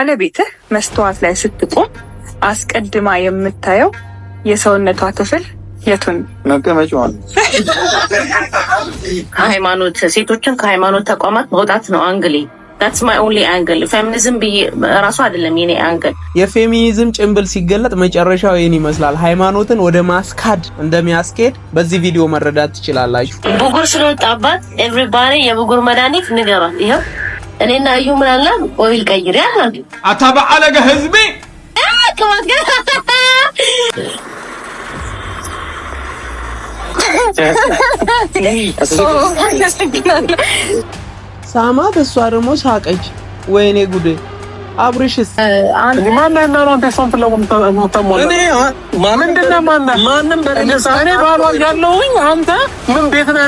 ባለቤትህ መስተዋት ላይ ስትቆም አስቀድማ የምታየው የሰውነቷ ክፍል የቱን? መቀመጫዋ። ከሃይማኖት ሴቶችን ከሃይማኖት ተቋማት መውጣት ነው አንግሌ ዳትስ ማይ ኦንሊ አንግል ፌሚኒዝም ብዬ ራሱ አይደለም የኔ አንግል። የፌሚኒዝም ጭንብል ሲገለጥ መጨረሻው ይህን ይመስላል። ሃይማኖትን ወደ ማስካድ እንደሚያስኬድ በዚህ ቪዲዮ መረዳት ትችላላችሁ። ብጉር ስለወጣባት ኤቭሪባዲ የብጉር መድኃኒት ንገሯል። ይኸው እኔና እዩ ምናላ ኦይል ቀይር ያልናል አታበዓለገ ህዝቤ ከማት ገ ሳማ እሷ ደግሞ ሳቀች። ወይኔ ጉዴ አብርሽስ አንተ ምን ቤት ነው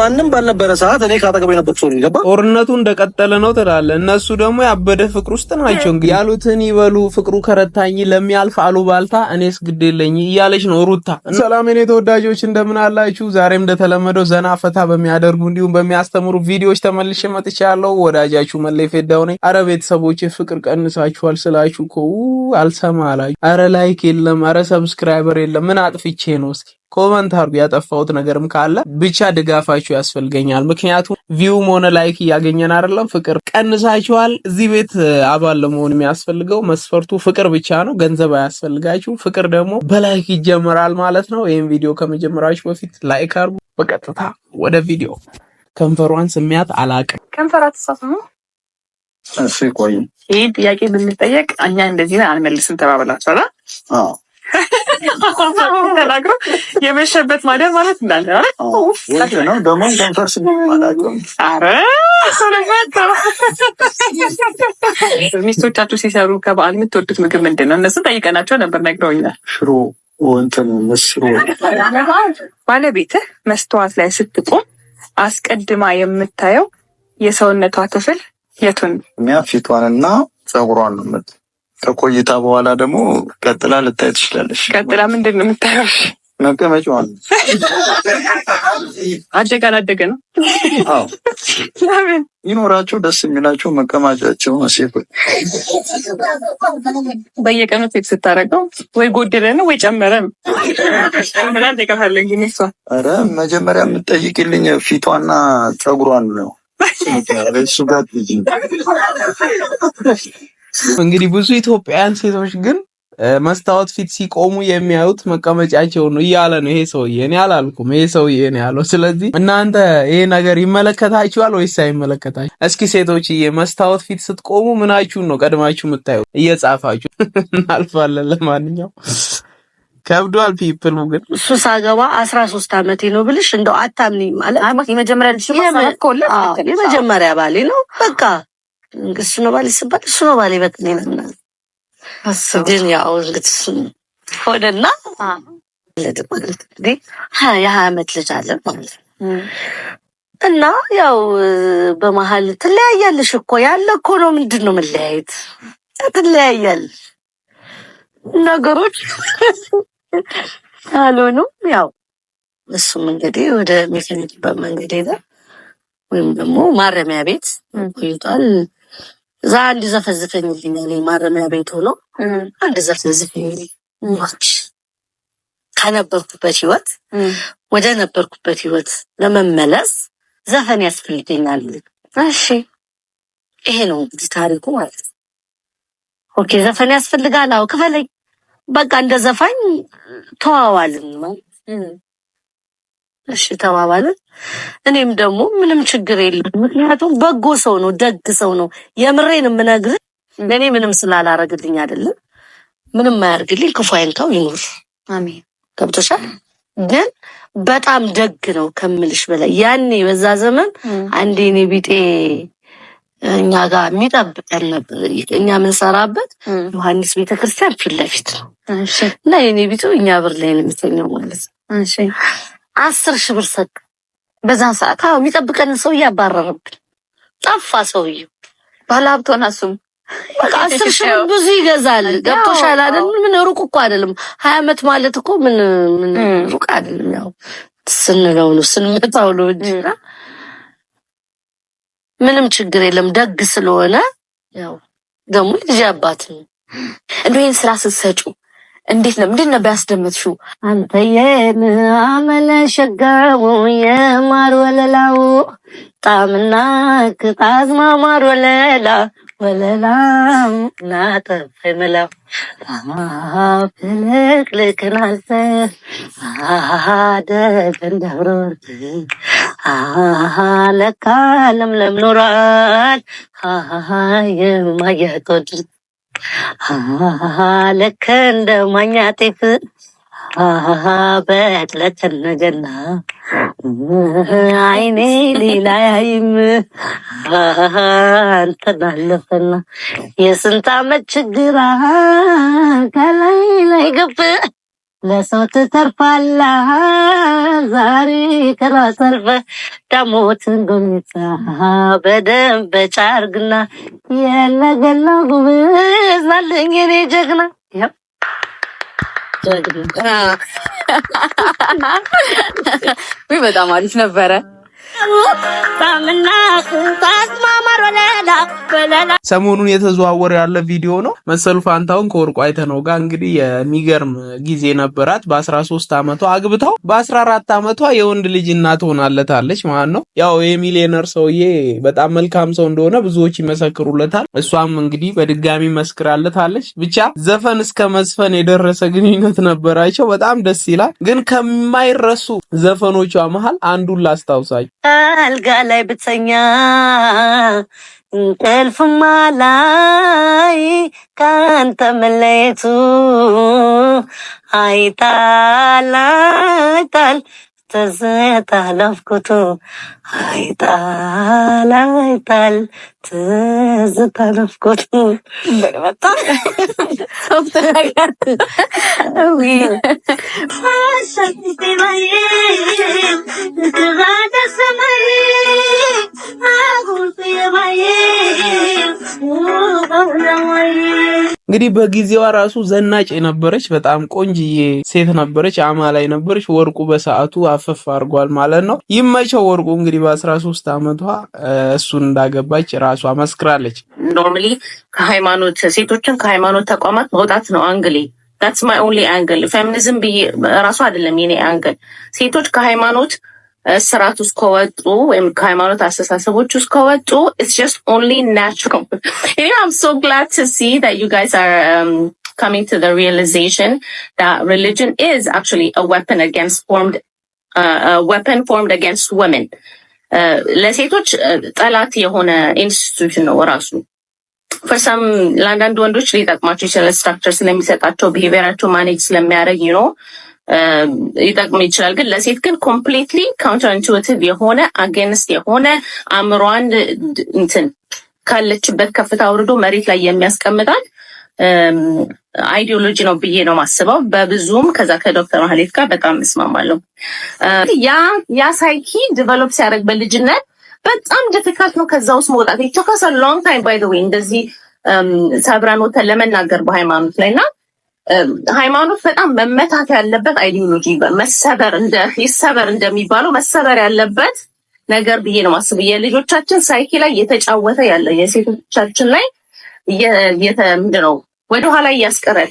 ማንም ባልነበረ ሰዓት እኔ ካጠገብ የነበርኩ ሰው ይገባ። ጦርነቱ እንደቀጠለ ነው ትላለ። እነሱ ደግሞ ያበደ ፍቅር ውስጥ ናቸው። እንግዲህ ያሉትን ይበሉ። ፍቅሩ ከረታኝ ለሚያልፍ አሉባልታ እኔስ ግድ የለኝ እያለች ነው ሩታ። ሰላም የኔ ተወዳጆች እንደምን አላችሁ? ዛሬም እንደተለመደው ዘና ፈታ በሚያደርጉ እንዲሁም በሚያስተምሩ ቪዲዮዎች ተመልሼ መጥቻለሁ። ወዳጃችሁ መለፌ ግድግዳው ነኝ። አረ ቤተሰቦች ፍቅር ቀንሳችኋል ስላችሁ እኮ አልሰማ አላችሁ። አረ ላይክ የለም፣ አረ ሰብስክራይበር የለም። ምን አጥፍቼ ነው? እስኪ ኮመንት አድርጉ። ያጠፋሁት ነገርም ካለ ብቻ ድጋፋችሁ ያስፈልገኛል። ምክንያቱም ቪውም ሆነ ላይክ እያገኘን አይደለም። ፍቅር ቀንሳችኋል። እዚህ ቤት አባል ለመሆን የሚያስፈልገው መስፈርቱ ፍቅር ብቻ ነው። ገንዘብ አያስፈልጋችሁ። ፍቅር ደግሞ በላይክ ይጀምራል ማለት ነው። ይህም ቪዲዮ ከመጀመራችሁ በፊት ላይክ አድርጉ። በቀጥታ ወደ ቪዲዮ ከንፈሯን ስሚያት አላቅም። ከንፈሯ ትሳሳሙ እሱ ይቆይ። ይህ ጥያቄ ብንጠየቅ እኛ እንደዚህ አንመልስም ተባብላችኋል። ተናግሮ የመሸበት ማደር ማለት እንዳለ ሚስቶቻችሁ ሲሰሩ ከበዓል የምትወዱት ምግብ ምንድን ነው? እነሱ ጠይቀናቸው ነበር፣ ነግረውኛል። ሽሮ ባለቤትህ መስተዋት ላይ ስትቆም አስቀድማ የምታየው የሰውነቷ ክፍል የቱን ሚያ ፊቷንና ጸጉሯን ነው። ከቆይታ በኋላ ደግሞ ቀጥላ ልታይ ትችላለሽ። ቀጥላ ምንድን ነው የምታየው? መቀመጫዋን አደገ አላደገ ነው ይኖራቸው ደስ የሚላቸው መቀማጫቸው ሴቶ በየቀኑ ሴት ስታረገው ወይ ጎደለ ነው ወይ ጨመረ ነው። ኧረ መጀመሪያ የምትጠይቅልኝ ፊቷና ጸጉሯን ነው። እንግዲህ ብዙ ኢትዮጵያውያን ሴቶች ግን መስታወት ፊት ሲቆሙ የሚያዩት መቀመጫቸው ነው እያለ ነው ይሄ ሰውዬ። እኔ አላልኩም፣ ይሄ ሰውዬ ነው ያለው። ስለዚህ እናንተ ይሄ ነገር ይመለከታችኋል ወይስ አይመለከታችሁ? እስኪ ሴቶችዬ መስታወት ፊት ስትቆሙ ምናችሁን ነው ቀድማችሁ የምታዩት? እየጻፋችሁ እናልፋለን። ለማንኛውም ከብዷል። ፒፕል ግን እሱ ሳገባ አስራ ሶስት አመቴ ነው ብልሽ እንደው አታምኒ ማለት የመጀመሪያ ልጅ የመጀመሪያ ባሌ ነው። በቃ እሱ ነው ባሌ ስባል እሱ ነው ባሌ በቃ ነውና ግን ያው እንግዲህ እሱ ሆነና ማለት የሀያ አመት ልጅ አለ ማለት እና ያው በመሀል ትለያያለሽ እኮ ያለ እኮ ነው። ምንድን ነው መለያየት? ትለያያለሽ ነገሮች ካልሆነም ያው እሱም እንግዲህ ወደ ሜካኒክ መንገድ ሄደ፣ ወይም ደግሞ ማረሚያ ቤት ቆይቷል። እዛ አንድ ዘፈዝፈኝልኛል ማረሚያ ቤት ሆኖ አንድ ዘፈዝፈኝልኝ ከነበርኩበት ህይወት ወደ ነበርኩበት ህይወት ለመመለስ ዘፈን ያስፈልገኛል። እሺ ይሄ ነው እንግዲህ ታሪኩ ማለት ነው። ኦኬ ዘፈን ያስፈልጋል። አዎ ክፈለኝ በቃ እንደ ዘፋኝ ተዋዋልን። እሺ ተባባልን። እኔም ደግሞ ምንም ችግር የለም፣ ምክንያቱም በጎ ሰው ነው፣ ደግ ሰው ነው። የምሬን የምነግርህ ለእኔ ምንም ስላላረግልኝ አይደለም፣ ምንም አያርግልኝ፣ ክፉ አይንካው፣ ይኑር። አሜን። ገብቶሻል? ግን በጣም ደግ ነው ከምልሽ በላይ ያኔ በዛ ዘመን አንዴ እኔ ቢጤ እኛ ጋር የሚጠብቀን እኛ የምንሰራበት ዮሐንስ ቤተክርስቲያን ፊት ለፊት ነው እና የኔ ቢቱ እኛ ብር ላይ ነው የሚተኛው ማለት ነው። አስር ሺህ ብር ሰጥ በዛን ሰዓት አዎ የሚጠብቀን ሰው እያባረረብን ጠፋ። ሰውዬው ባለሀብት ሆና እሱም በቃ አስር ሺህ ብር ብዙ ይገዛል። ገብቶሻል አይደል? ምን ሩቅ እኮ አይደለም። ሀያ አመት ማለት እኮ ምን ምን ሩቅ አይደለም። ያው ስንለው ነው ስንመጣው ነው እንጂ ምንም ችግር የለም። ደግ ስለሆነ ያው ደግሞ ልጅ አባት ነው። እንደው ይህን ስራ ስትሰጩ እንዴት ነው? ምንድን ነበር ያስደመጥሽው? አንተየን አመለ ሸጋው የማር ወለላው ጣምና ቅጣዝማ ማር ወለላ ወለላ ናጠፍ የምለው ፍልቅልቅን አልሰፍ እንደብሮርት ለካ ለምለም ኖራል የማያ ቆድርት ልክ ጤፍ በዕጥረት አይኔ ሌላ ያይም አንተን አለፈና የስንት ዓመት ችግር ከላይ ላይ ገብ ለሰው ትተርፋላ ዛሬ ዳሞትን በጫርግና ጉብዝ ጀግና ውይ በጣም አሪፍ ነበረ። ሰሞኑን የተዘዋወረ ያለ ቪዲዮ ነው መሰሉ ፋንታውን ከወርቁ አይተነው ጋር እንግዲህ የሚገርም ጊዜ ነበራት። በ13 ዓመቷ አግብታው በ14 ዓመቷ የወንድ ልጅ እናት ሆናለታለች ማለት ነው። ያው የሚሊዮነር ሰውዬ በጣም መልካም ሰው እንደሆነ ብዙዎች ይመሰክሩለታል። እሷም እንግዲህ በድጋሚ መስክራለታለች። ብቻ ዘፈን እስከ መዝፈን የደረሰ ግንኙነት ነበራቸው። በጣም ደስ ይላል። ግን ከማይረሱ ዘፈኖቿ መሃል አንዱን ላስታውሳቸው አልጋ ላይ ብተኛ እንቅልፍማ ላይ ካንተ መለየቱ አይጣል አይጣል ተዘታ ለፍኩቱ አይጣል አይጣል እንግዲህ በጊዜዋ ራሱ ዘናጭ የነበረች በጣም ቆንጅዬ ሴት ነበረች፣ አማላይ ነበረች። ወርቁ በሰዓቱ አፈፍ አድርጓል ማለት ነው። ይመቸው ወርቁ እንግዲህ በአስራ ሶስት አመቷ እሱን እንዳገባች ራሷ መስክራለች። ኖርማሊ ከሃይማኖት ሴቶችን ከሃይማኖት ተቋማት መውጣት ነው አንግሌ ዳትስ ማይ ኦንሊ አንግል ፌሚኒዝም ብዬ ራሱ አይደለም የኔ አንግል። ሴቶች ከሃይማኖት ስርዓት ውስጥ ከወጡ ወይም ከሃይማኖት አስተሳሰቦች ውስጥ ከወጡ ኢትስ ጀስት ኦንሊ ናቹራል እኔ አም ሶ ግላድ ቱ ሲ ዳት ዩ ጋይስ አር coming to the realization that religion is actually a weapon against formed uh, a weapon formed against women ለሴቶች ጠላት የሆነ ኢንስቲትዩሽን ነው ራሱ። ፈርሳም ለአንዳንድ ወንዶች ሊጠቅማቸው ይችላል። ስትራክቸር ስለሚሰጣቸው ቢሄቪራቸው ማኔጅ ስለሚያደርግ ነው ሊጠቅም ይችላል። ግን ለሴት ግን ኮምፕሊትሊ ካውንተር ኢንቱቲቭ የሆነ አጌንስት የሆነ አእምሯን እንትን ካለችበት ከፍታ አውርዶ መሬት ላይ የሚያስቀምጣል አይዲዮሎጂ ነው ብዬ ነው ማስበው። በብዙም ከዛ ከዶክተር ማህሌት ጋር በጣም እስማማለሁ። ያ ያ ሳይኪ ዲቨሎፕ ሲያደርግ በልጅነት በጣም ዲፊካልት ነው ከዛ ውስጥ መውጣት። ቶከስ ሎንግ ታይም ባይ ዘ ዌይ እንደዚህ ሰብረን ወተን ለመናገር በሃይማኖት ላይ እና ሃይማኖት በጣም መመታት ያለበት አይዲዮሎጂ መሰበር እንደ ይሰበር እንደሚባለው መሰበር ያለበት ነገር ብዬ ነው ማስብ። የልጆቻችን ሳይኪ ላይ እየተጫወተ ያለ የሴቶቻችን ላይ ምንድነው ወደኋላ እያስቀረል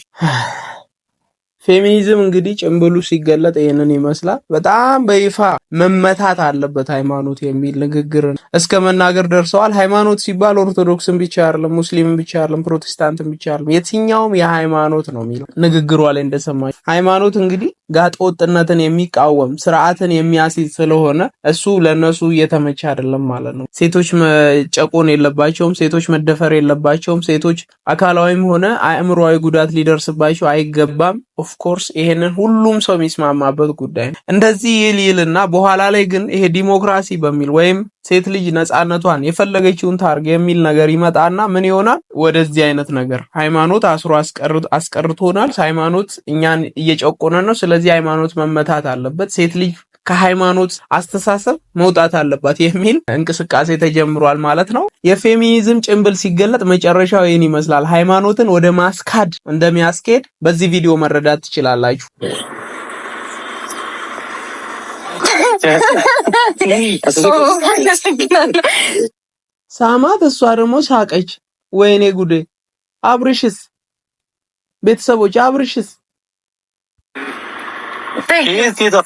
ፌሚኒዝም እንግዲህ ጭንብሉ ሲገለጥ ይህንን ይመስላል። በጣም በይፋ መመታት አለበት ሃይማኖት የሚል ንግግር እስከ መናገር ደርሰዋል። ሃይማኖት ሲባል ኦርቶዶክስን ብቻ አይደለም፣ ሙስሊምን ብቻ አይደለም፣ ፕሮቴስታንትን ብቻ አይደለም፣ የትኛውም የሃይማኖት ነው የሚለው ንግግሯ ላይ እንደሰማ ሃይማኖት እንግዲህ ጋጠ ወጥነትን የሚቃወም ስርዓትን የሚያስይዝ ስለሆነ እሱ ለእነሱ እየተመቸ አይደለም ማለት ነው። ሴቶች መጨቆን የለባቸውም፣ ሴቶች መደፈር የለባቸውም፣ ሴቶች አካላዊም ሆነ አእምሮዊ ጉዳት ሊደርስባቸው አይገባም ኦፍኮርስ ይሄንን ሁሉም ሰው የሚስማማበት ጉዳይ ነው። እንደዚህ ይል ይልና በኋላ ላይ ግን ይሄ ዲሞክራሲ በሚል ወይም ሴት ልጅ ነፃነቷን የፈለገችውን ታርግ የሚል ነገር ይመጣና ምን ይሆናል? ወደዚህ አይነት ነገር ሃይማኖት አስሮ አስቀርቶናል። ሃይማኖት እኛን እየጨቆነ ነው። ስለዚህ ሃይማኖት መመታት አለበት ሴት ልጅ ከሃይማኖት አስተሳሰብ መውጣት አለባት የሚል እንቅስቃሴ ተጀምሯል ማለት ነው። የፌሚኒዝም ጭንብል ሲገለጥ መጨረሻው ይህን ይመስላል። ሃይማኖትን ወደ ማስካድ እንደሚያስኬድ በዚህ ቪዲዮ መረዳት ትችላላችሁ። ሳማት፣ እሷ ደግሞ ሳቀች። ወይኔ ጉዴ! አብርሽስ ቤተሰቦች አብርሽስ ሴት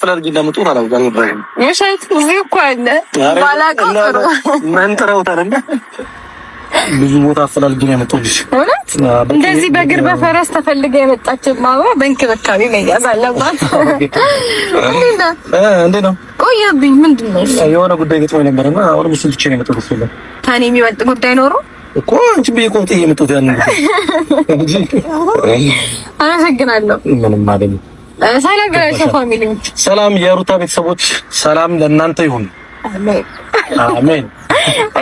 ብዙ ቦታ አፈላልጊ ነው የመጣሁልሽ። እውነት እንደዚህ በእግር በፈረስ ተፈልገ የመጣችው ማማ በእንክብካቤ መያዝ አለባት። እንዴት ነው ቆየብኝ? ምንድን ነው የሆነ ጉዳይ ገጥሞኝ ነበር እና አሁንም እሱን ትቼ ነው የመጣሁት። ከእኔ የሚበልጥ ጉዳይ ኖሮ እኮ አንቺ ብዬሽ የመጣሁት ያንን እንጂ አመሰግናለሁ። ምንም አይደለም። ሰላም የሩታ ቤተሰቦች ሰላም ለእናንተ ይሁን። አሜን።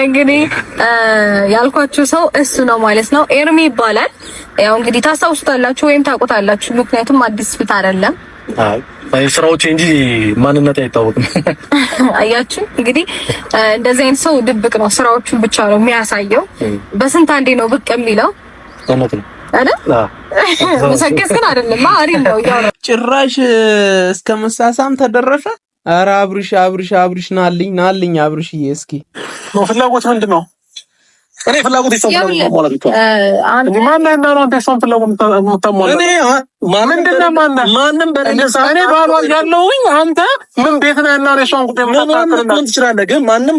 እንግዲህ ያልኳችሁ ሰው እሱ ነው ማለት ነው። ኤርሚ ይባላል። ያው እንግዲህ ታስታውሱታላችሁ ወይም ታውቁታላችሁ፣ ምክንያቱም አዲስ ፊት አይደለም። አይ ስራዎች እንጂ ማንነት አይታወቅም። አያችሁ እንግዲህ እንደዚህ አይነት ሰው ድብቅ ነው፣ ስራዎቹን ብቻ ነው የሚያሳየው። በስንት አንዴ ነው ብቅ የሚለው ነው መሰከስ አይደለም አሪፍ ነው። ጭራሽ እስከ መሳሳም ተደረሰ። ኧረ አብርሽ አብርሽ አብርሽ ናልኝ ናልኝ አብርሽዬ እስኪ ፍላጎት ምንድን ነው? እኔ ፍላጎት የሰው ማለት ነው። ማንም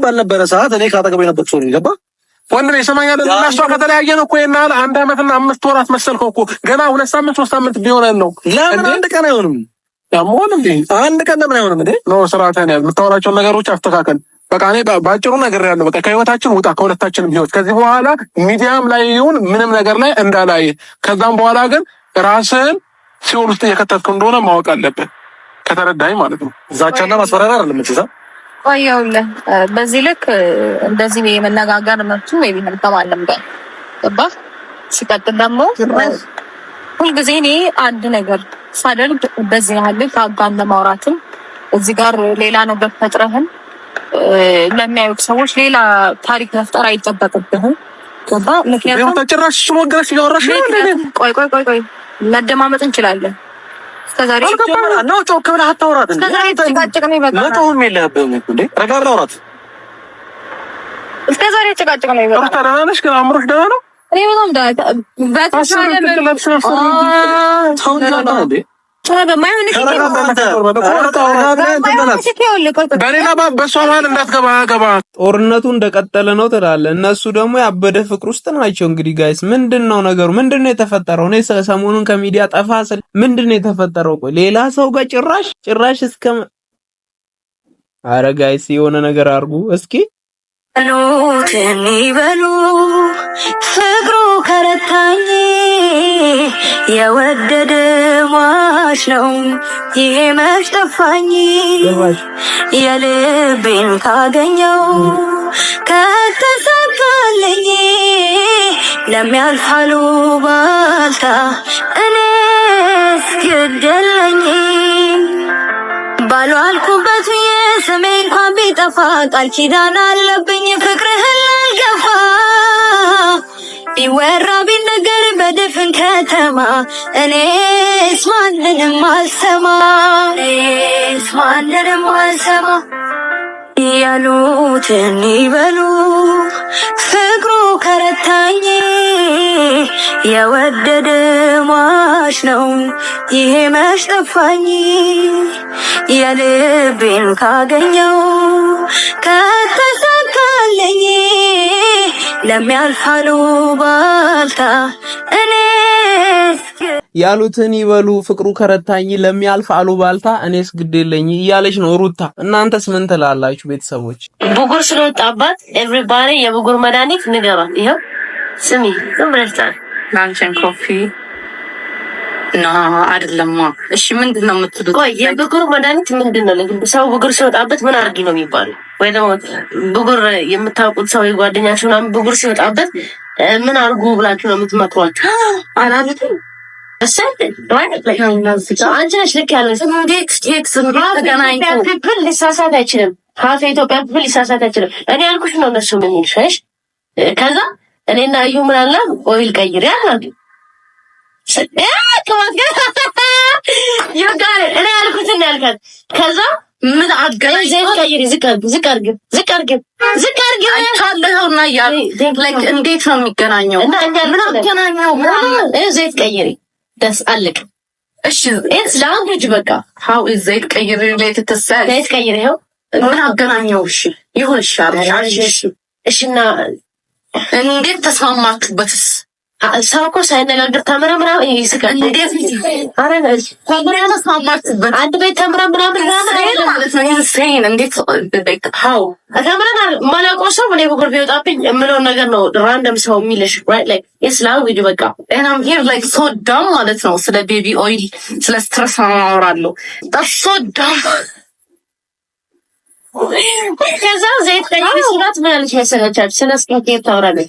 ባልነበረ ሰዓት እኔ ካጠገብ የነበርኩ ሰው ነው። ወንድሜ ይሰማኛል። እና እሷ ከተለያየን እኮ ይናል አንድ አመትና አምስት ወራት መሰልከው እኮ ገና ሁለት ሳምንት ሶስት ሳምንት ቢሆነን ነው። ለምን አንድ ቀን አይሆንም? ያሞን አንድ ቀን ለምን አይሆንም እንዴ? ኖ ስርዓትህን ያዝ፣ የምታወራቸውን ነገሮች አስተካከል። በቃ እኔ ባጭሩ ነገር ያለው በቃ ከህይወታችን ውጣ፣ ከሁለታችንም ህይወት። ከዚህ በኋላ ሚዲያም ላይ ይሁን ምንም ነገር ላይ እንዳላይ። ከዛም በኋላ ግን ራስህን ሲኦል ውስጥ እየከተትክ እንደሆነ ማወቅ አለብህ። ከተረዳኝ ማለት ነው። ዛቻና ማስፈራሪያ አይደለም እንጂ ቆየውለ በዚህ ልክ እንደዚህ የመነጋገር መብቱ ቢ ከማንም ጋር ገባህ። ሲቀጥል ደግሞ ሁልጊዜ እኔ አንድ ነገር ሳደርግ በዚህ ያህል ልክ ለማውራትም እዚህ ጋር ሌላ ነው በፈጥረህም ለሚያዩት ሰዎች ሌላ ታሪክ መፍጠር አይጠበቅብህም። ገባህ? ምክንያቱም ጭራሽ ሞገረሽ እያወራሽ ቆይ ቆይ ቆይ ቆይ መደማመጥ እንችላለን ነው ጮክ ብለህ አታውራት። መጮህም የለብህም እንዴ፣ ረጋ ብለህ አውራት። እስከ ጭቃጭቅ ነው ይበላል። ሩታ ደህና ነሽ? ግን አእምሮሽ ደህና ነው? እኔ በጣም ደህና ጦርነቱ እንደቀጠለ ነው ትላለ እነሱ ደግሞ ያበደ ፍቅር ውስጥ ናቸው። እንግዲህ ጋይስ ምንድን ነው ነገሩ? ምንድን ነው የተፈጠረው? እኔ ሰሞኑን ከሚዲያ ጠፋ ስል ምንድን ነው የተፈጠረው? ቆይ ሌላ ሰው ጋር ጭራሽ ጭራሽ እስከ ኧረ ጋይስ የሆነ ነገር አድርጉ እስኪ። ሉት የሚበሉ ፍቅሩ ከረታኝ የወደደ ሟች ነው ይሄ ይመሽ ጠፋኝ የልቤን ካገኘው ከተሳካልኝ ለሚያልፋሉ ባልታ እኔስ ግደለኝ ባሉ አልኩበት ስሜ እንኳ እንዳልጠፋ ቃል ኪዳን አለብኝ ፍቅርህን ላልገፋ ቢወራ ቢነገር በድፍን ከተማ እኔስ ማንንም አልሰማ እኔስ ማንንም አልሰማ ያሉትን ይበሉ ፍቅሩ ከረታኝ የወደደ ሟች ነው ይሄ መች የልቤን ካገኘው ከተሰ ካለኝ ለሚያልፋሉ ባልታ እኔ ያሉትን ይበሉ ፍቅሩ ከረታኝ ለሚያልፍ አሉባልታ እኔስ ግድ የለኝ እያለች ነው ሩታ። እናንተስ ምን ትላላችሁ ቤተሰቦች? ብጉር ስለወጣባት ኤቭሪባዲ የብጉር መድኃኒት ንገሯል። ይኸው ስሚ ብለታል። ላንቺን ኮፊ ና አይደለማ። እሺ ምንድን ነው የምትሉት? ቆይ የብጉር መድኃኒት ምንድን ነው? ሰው ብጉር ሲወጣበት ምን አርጊ ነው የሚባለው? ወይ ደግሞ ብጉር የምታውቁት ሰው የጓደኛችሁ ምናምን ብጉር ሲወጣበት ምን አድርጉ ብላችሁ ነው የምትመክሯቸው? አላሉትም። አንቺ ነሽ ልክ ያለሽ። ሊሳሳት አይችልም። ሀፍ የኢትዮጵያ ክፍል ሊሳሳት አይችልም። እኔ ያልኩሽ ነው እነሱ የሚልሽ። ከዛ እኔና እዩ ምን ምናላ ኦይል ቀይር ያልናል ቅባት ጋር እኔ ያልኩትን ያልከት ከዛ ምን አገናኝ? ዘይት እንዴት ነው የሚገናኘው? ምን አገናኘው? ዘይት ቀይሪ፣ ደስ አለቅ። እሺ እስ ላንጉጅ በቃ ሀው ዘይት ቀይሪ፣ ዘይት ቀይሪ፣ ነው። ምን አገናኘው? እሺ ይሁን፣ እሺ፣ እሺ። እና እንዴት ተስማማችሁበትስ? ሰው እኮ ሳይነጋገር ተምረ ምናምን ይስቃል። አንድ ቤት ተምረ ምናምን ማላውቀው ሰው እኔ በኩል ቢወጣብኝ የምለውን ነገር ነው። ራንደም ሰው የሚልሽ በቃ ሶ ዳም ማለት ነው። ስለ ቤቢ ኦይል ስለ ስትረስ አወራለሁ። ሶ ዳም ከዛ ዘይት ስላት ምን አለች መሰለቻች ስለ ስኪንኬር ታወራለች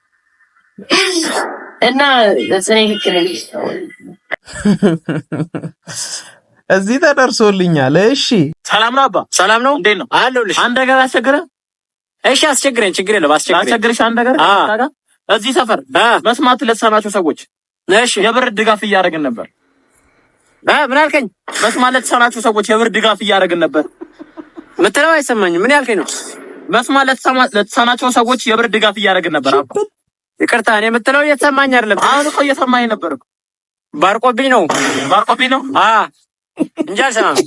እና እዚህ ተደርሶልኛል። እሺ፣ ሰላም ነው አባ? ሰላም ነው። እንዴት ነው? አለሁልሽ። አንድ ነገር አስቸግረህ? እሺ፣ አስቸግረኝ። ችግር የለም አስቸግርሽ። አንድ ነገር እዚህ ሰፈር መስማት ለተሳናቸው ሰዎች እሺ፣ የብር ድጋፍ እያደረግን ነበር። ምን አልከኝ? መስማት ለተሳናቸው ሰዎች የብር ድጋፍ እያደረግን ነበር ምትለው አይሰማኝም። ምን ያልከኝ ነው? መስማት ለተሳናቸው ሰዎች የብር ድጋፍ እያደረግን ነበር። ይቅርታ እኔ የምትለው እየተሰማኝ አይደለም። አሁን እኮ እየሰማኝ ነበር። ባርቆቢ ነው ባርቆቢ ነው አ እንጂ አልሰማም።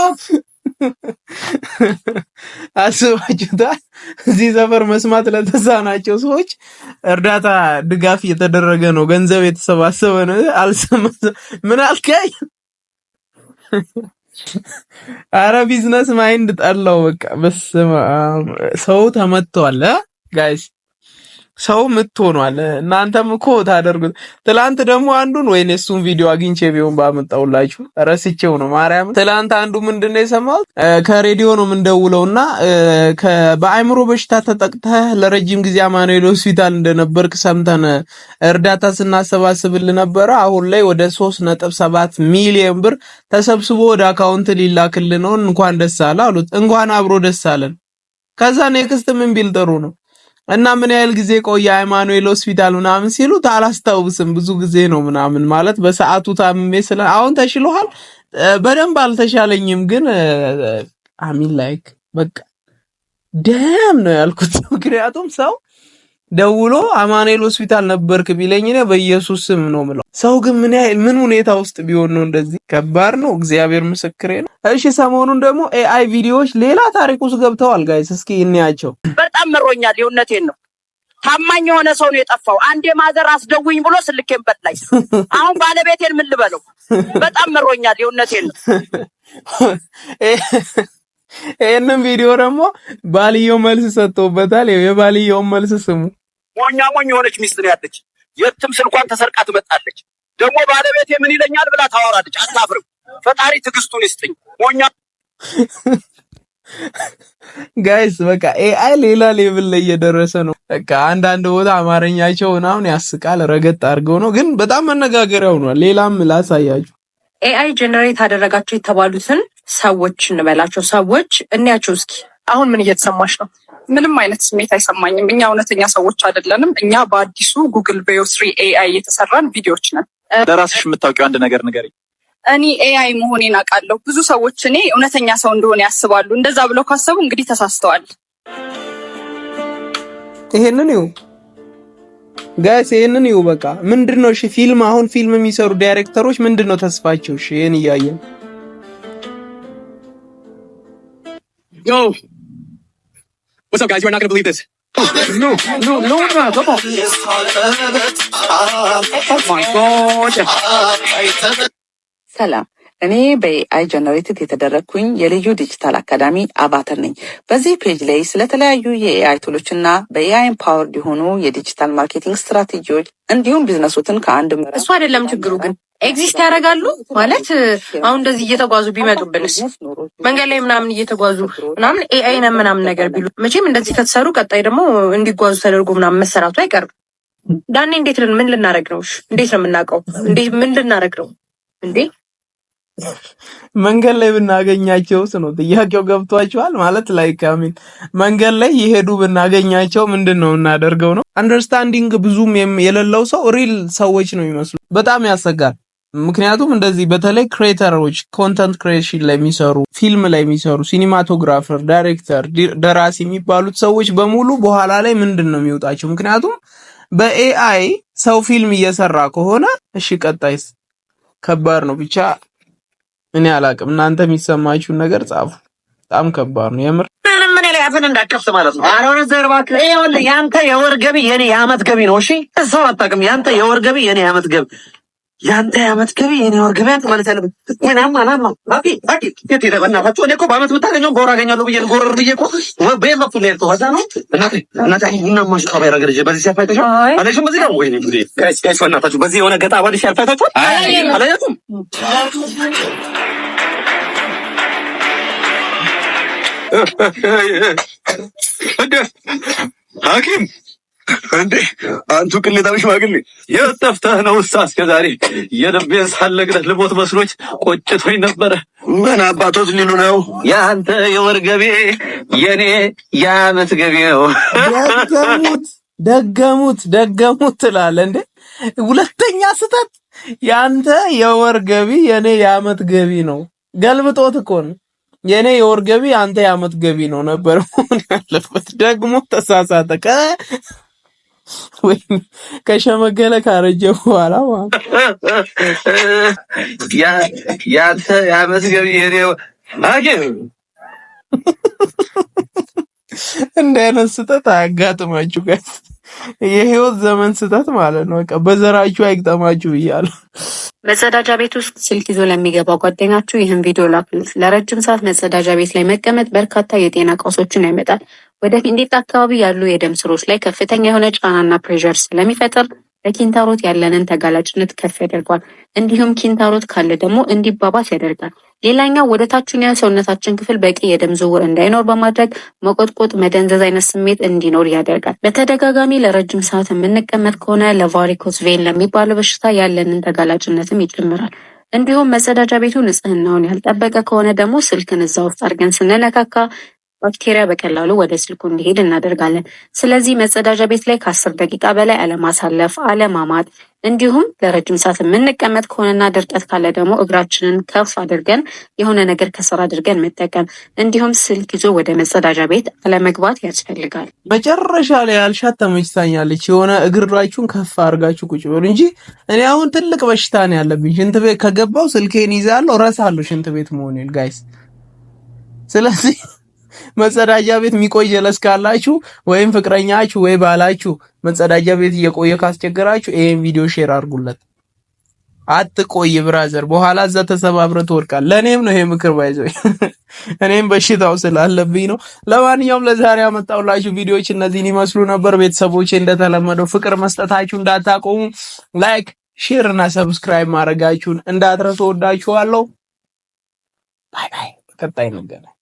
አስባችሁታል? እዚህ ሰፈር መስማት ለተሳናቸው ሰዎች እርዳታ ድጋፍ እየተደረገ ነው፣ ገንዘብ የተሰባሰበ ነው። አልሰማ ምን አልከኝ? አረ ቢዝነስ ማይንድ ጠላው። በቃ በስመ አብ ሰው ተመቷል ጋይስ። ሰው ምትሆኗል እናንተም እኮ ታደርጉት። ትላንት ደግሞ አንዱን ወይኔ እሱን ቪዲዮ አግኝቼ ቢሆን ባመጣውላችሁ ረስቼው ነው ማርያም። ትላንት አንዱ ምንድን ነው የሰማሁት ከሬዲዮ ነው እና በአእምሮ በሽታ ተጠቅተህ ለረጅም ጊዜ አማኑኤል ሆስፒታል እንደነበርክ ሰምተን እርዳታ ስናሰባስብል ነበረ። አሁን ላይ ወደ ሰባት ሚሊዮን ብር ተሰብስቦ ወደ አካውንት ሊላክልን ነው። እንኳን ደስ አለ አሉት። እንኳን አብሮ ደስ አለን። ከዛ ኔክስት ምን ቢል ጥሩ ነው እና ምን ያህል ጊዜ ቆየ ሃይማኖኤል ሆስፒታል ምናምን ሲሉት አላስታውስም፣ ብዙ ጊዜ ነው ምናምን ማለት በሰዓቱ ታምሜ ስለ አሁን ተሽሎሃል? በደንብ አልተሻለኝም፣ ግን አሚን ላይክ በቃ ደም ነው ያልኩት። ምክንያቱም ሰው ደውሎ አማኑኤል ሆስፒታል ነበርክ ቢለኝ እኔ በኢየሱስ ስም ነው ምለው። ሰው ግን ምን ያህል ምን ሁኔታ ውስጥ ቢሆን ነው እንደዚህ? ከባድ ነው። እግዚአብሔር ምስክሬ ነው። እሺ፣ ሰሞኑን ደግሞ ኤአይ ቪዲዮዎች ሌላ ታሪክ ውስጥ ገብተዋል። ጋይስ እስኪ እንያቸው። በጣም መሮኛል። የእውነቴን ነው። ታማኝ የሆነ ሰው ነው የጠፋው። አንዴ ማዘር አስደውኝ ብሎ ስልኬን በላይ። አሁን ባለቤቴን ምን ልበለው? በጣም መሮኛል። የእውነቴን ነው። ይህንም ቪዲዮ ደግሞ ባልየው መልስ ሰጥቶበታል። የባልየውን መልስ ስሙ። ሞኛ ሞኝ የሆነች ሚስት ነው ያለች። የትም ስልኳን ተሰርቃ ትመጣለች። ደግሞ ባለቤት ምን ይለኛል ብላ ታወራለች። አታፍርም። ፈጣሪ ትዕግስቱን ይስጥኝ። ሞኛ ጋይስ በቃ ኤአይ ሌላ ሌብል ላይ እየደረሰ ነው። በቃ አንዳንድ ቦታ አማርኛቸው ምናምን ያስቃል፣ ረገጥ አድርገው ነው ግን በጣም መነጋገሪያ ሆኗል። ሌላም ላሳያችሁ። ኤአይ ጀነሬት አደረጋቸው የተባሉትን ሰዎች እንበላቸው ሰዎች እንያቸው። እስኪ አሁን ምን እየተሰማች ነው? ምንም አይነት ስሜት አይሰማኝም። እኛ እውነተኛ ሰዎች አይደለንም። እኛ በአዲሱ ጉግል ቤዮ ስሪ ኤአይ የተሰራን ቪዲዮዎች ነን። ለራስሽ የምታውቂው አንድ ነገር ንገሪኝ። እኔ ኤአይ መሆኔን አውቃለሁ። ብዙ ሰዎች እኔ እውነተኛ ሰው እንደሆነ ያስባሉ። እንደዛ ብለው ካሰቡ እንግዲህ ተሳስተዋል። ይሄንን ይሁ ጋይስ፣ ይሄንን ይሁ በቃ ምንድን ነው ፊልም አሁን ፊልም የሚሰሩ ዳይሬክተሮች ምንድን ነው ተስፋቸው? እሺ ይሄን እያየን What's up, guys? You are not gonna believe this. no, no, no, no, Oh my God. ሰላም እኔ በኤአይ ጀነሬትድ የተደረግኩኝ የልዩ ዲጂታል አካዳሚ አቫተር ነኝ። በዚህ ፔጅ ላይ ስለተለያዩ የኤአይ ቱሎች እና በኤአይ የሆኑ የዲጂታል ማርኬቲንግ ስትራቴጂዎች እንዲሁም ቢዝነሶትን ከአንድ እሱ አይደለም ችግሩ ግን ኤግዚስት ያደርጋሉ ማለት አሁን እንደዚህ እየተጓዙ ቢመጡብንስ መንገድ ላይ ምናምን እየተጓዙ ምናምን ኤአይ ነው ምናምን ነገር ቢሉ መቼም እንደዚህ ከተሰሩ ቀጣይ ደግሞ እንዲጓዙ ተደርጎ ምናምን መሰራቱ አይቀርም። ዳኔ እንዴት ምን ልናደርግ ነው? እንዴት ነው የምናውቀው? እንዴት ምን ልናደርግ ነው እንዴ? መንገድ ላይ ስ ነው ጥያቄው። ገብቷቸዋል ማለት ላይ ካሚን መንገድ ላይ የሄዱ ብናገኛቸው ምንድን ነው እናደርገው ነው? አንደርስታንዲንግ ብዙም የሌለው ሰው ሪል ሰዎች ነው የሚመስሉ። በጣም ያሰጋል። ምክንያቱም እንደዚህ በተለይ ክሬተሮች ኮንተንት ክሬሽን ላይ የሚሰሩ ፊልም ላይ የሚሰሩ ሲኒማቶግራፈር፣ ዳይሬክተር፣ ደራሲ የሚባሉት ሰዎች በሙሉ በኋላ ላይ ምንድን ነው የሚወጣቸው? ምክንያቱም በኤአይ ሰው ፊልም እየሰራ ከሆነ እሺ፣ ቀጣይስ ከባድ ነው። ብቻ እኔ አላቅም፣ እናንተ የሚሰማችሁን ነገር ጻፉ። በጣም ከባድ ነው የምር ያፈን አፍን ማለት ነው። አሮን ዘርባት ያንተ የወር ገቢ የኔ የአመት ገቢ ነው። እሺ ሰው አታውቅም። ያንተ የወር ገቢ የኔ የአመት ገቢ የአንተ የአመት ገቢ የኔ ወር ገቢ አንተ ማለት ያለብን ምናም አላም ነው። ባቂ የት ሄደ? በእናታችሁ እኔ እኮ በዓመት ብታገኘው ጎር አገኛለሁ ብዬ ጎረር ብዬ እኮ ቤት መጡ ነው ያልከው። ከዛ ነው እናቴ እናቴ ቡና ማሽ ቀባ ያረገ ልጅ በዚህ ሲያፋይተሽ አለሽም በዚህ ጋር ወይኔ ጋይስ ጋይስ በእናታችሁ በዚህ የሆነ ገጣ ባዲሽ ያልፋይታችሁ አላያችሁም ሐኪም እንዴ አንቱ ቅሌታም ሽማግሌ የት ጠፍተህ ነው? ውሳ እስከዛሬ የልቤን ሳለቅለህ ልሞት መስሎች ቆጭቶኝ ነበረ። ምን አባቶት ሊሉ ነው? የአንተ የወር ገቤ የኔ የአመት ገቤው። ደገሙት ደገሙት ደገሙት ትላለህ እንዴ? ሁለተኛ ስህተት። የአንተ የወር ገቢ የኔ የአመት ገቢ ነው። ገልብጦት እኮ ነው የኔ የወር ገቢ አንተ የአመት ገቢ ነው ነበር መሆን ያለበት። ደግሞ ተሳሳተ። ወይም ከሸመገለ ካረጀ በኋላ ያተ ያመስገብ የኔ እንደ አይነት ስህተት አያጋጥማችሁ ጋር የህይወት ዘመን ስህተት ማለት ነው። በቃ በዘራችሁ አይግጠማችሁ ብያለሁ። መጸዳጃ ቤት ውስጥ ስልክ ይዞ ለሚገባ ጓደኛችሁ ይህን ቪዲዮ ላኩሉት። ለረጅም ሰዓት መጸዳጃ ቤት ላይ መቀመጥ በርካታ የጤና ቀውሶችን ያመጣል። ወደ ፊንዲጥ አካባቢ ያሉ የደም ስሮች ላይ ከፍተኛ የሆነ ጫናና ፕሬር ስለሚፈጥር ለኪንታሮት ያለንን ተጋላጭነት ከፍ ያደርገዋል። እንዲሁም ኪንታሮት ካለ ደግሞ እንዲባባስ ያደርጋል። ሌላኛው ወደ ታችኛው ሰውነታችን ክፍል በቂ የደም ዝውውር እንዳይኖር በማድረግ መቆጥቆጥ፣ መደንዘዝ አይነት ስሜት እንዲኖር ያደርጋል። በተደጋጋሚ ለረጅም ሰዓት የምንቀመጥ ከሆነ ለቫሪኮስ ቬን ለሚባለው በሽታ ያለንን ተጋላጭነትም ይጨምራል። እንዲሁም መጸዳጃ ቤቱ ንጽህናውን ያልጠበቀ ከሆነ ደግሞ ስልክን እዛ ውስጥ አድርገን ስንነካካ ባክቴሪያ በቀላሉ ወደ ስልኩ እንዲሄድ እናደርጋለን። ስለዚህ መጸዳጃ ቤት ላይ ከአስር ደቂቃ በላይ አለማሳለፍ፣ አለማማጥ እንዲሁም ለረጅም ሰዓት የምንቀመጥ ከሆነና ድርቀት ካለ ደግሞ እግራችንን ከፍ አድርገን የሆነ ነገር ከስር አድርገን መጠቀም እንዲሁም ስልክ ይዞ ወደ መጸዳጃ ቤት አለመግባት ያስፈልጋል። መጨረሻ ላይ ያልሻት ተመችታኛለች። የሆነ እግራችሁን ከፍ አድርጋችሁ ቁጭ በሉ እንጂ እኔ አሁን ትልቅ በሽታ ነው ያለብኝ። ሽንት ቤት ከገባው ስልኬን ይዛለሁ፣ እረሳለሁ ሽንት ቤት መሆኔን ጋይስ። ስለዚህ መጸዳጃ ቤት የሚቆይ ጀለስ ካላችሁ ወይም ፍቅረኛችሁ ወይ ባላችሁ መጸዳጃ ቤት እየቆየ ካስቸገራችሁ ይሄን ቪዲዮ ሼር አድርጉለት። አትቆይ ብራዘር፣ በኋላ እዛ ተሰባብረህ ትወድቃለህ። ለእኔም ነው ይሄ ምክር ባይዘው፣ እኔም በሽታው ስላለብኝ ነው። ለማንኛውም ለዛሬ ያመጣሁላችሁ ቪዲዮዎች እነዚህን ይመስሉ ነበር። ቤተሰቦቼ እንደተለመደው ፍቅር መስጠታችሁ እንዳታቆሙ፣ ላይክ፣ ሼር እና ሰብስክራይብ ማድረጋችሁን እንዳትረሱ። ወዳችኋለሁ። ባይ ባይ። በቀጣይ እንገናኝ።